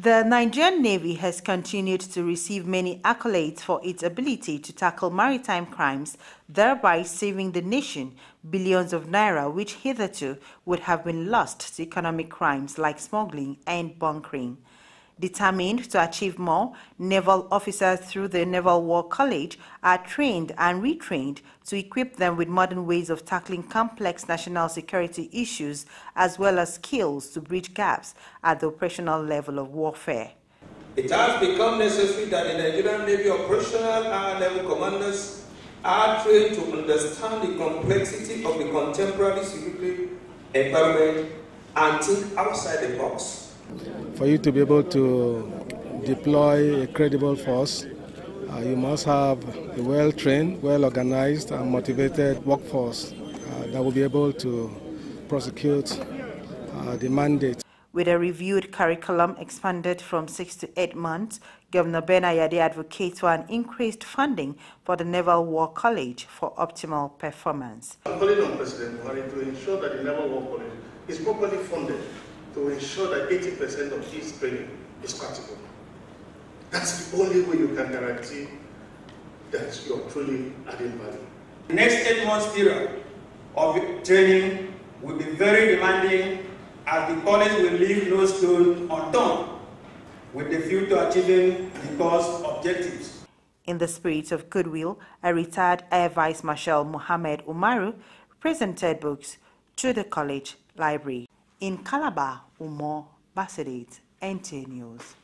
The Nigerian Navy has continued to receive many accolades for its ability to tackle maritime crimes, thereby saving the nation billions of naira, which hitherto would have been lost to economic crimes like smuggling and bunkering determined to achieve more, naval officers through the Naval War College are trained and retrained to equip them with modern ways of tackling complex national security issues as well as skills to bridge gaps at the operational level of warfare. It has become necessary that the Nigerian Navy operational high level commanders are trained to understand the complexity of the contemporary security environment and think outside the box for you to be able to deploy a credible force, uh, you must have a well trained, well organized, and motivated workforce uh, that will be able to prosecute uh, the mandate. With a reviewed curriculum expanded from six to eight months, Governor Ben Ayade advocates for an increased funding for the Naval War College for optimal performance. I'm calling on President Buhari to ensure that the Naval War College is properly funded to ensure that 80% of his training is practical. That's the only way you can guarantee that you're truly adding value. The next eight months period of training will be very demanding as the college will leave no stone unturned with the view to achieving the course objectives. In the spirit of goodwill, a retired Air Vice Marshal Mohammed Umaru presented books to the college library in Calabar, Umo Basirate, NT News.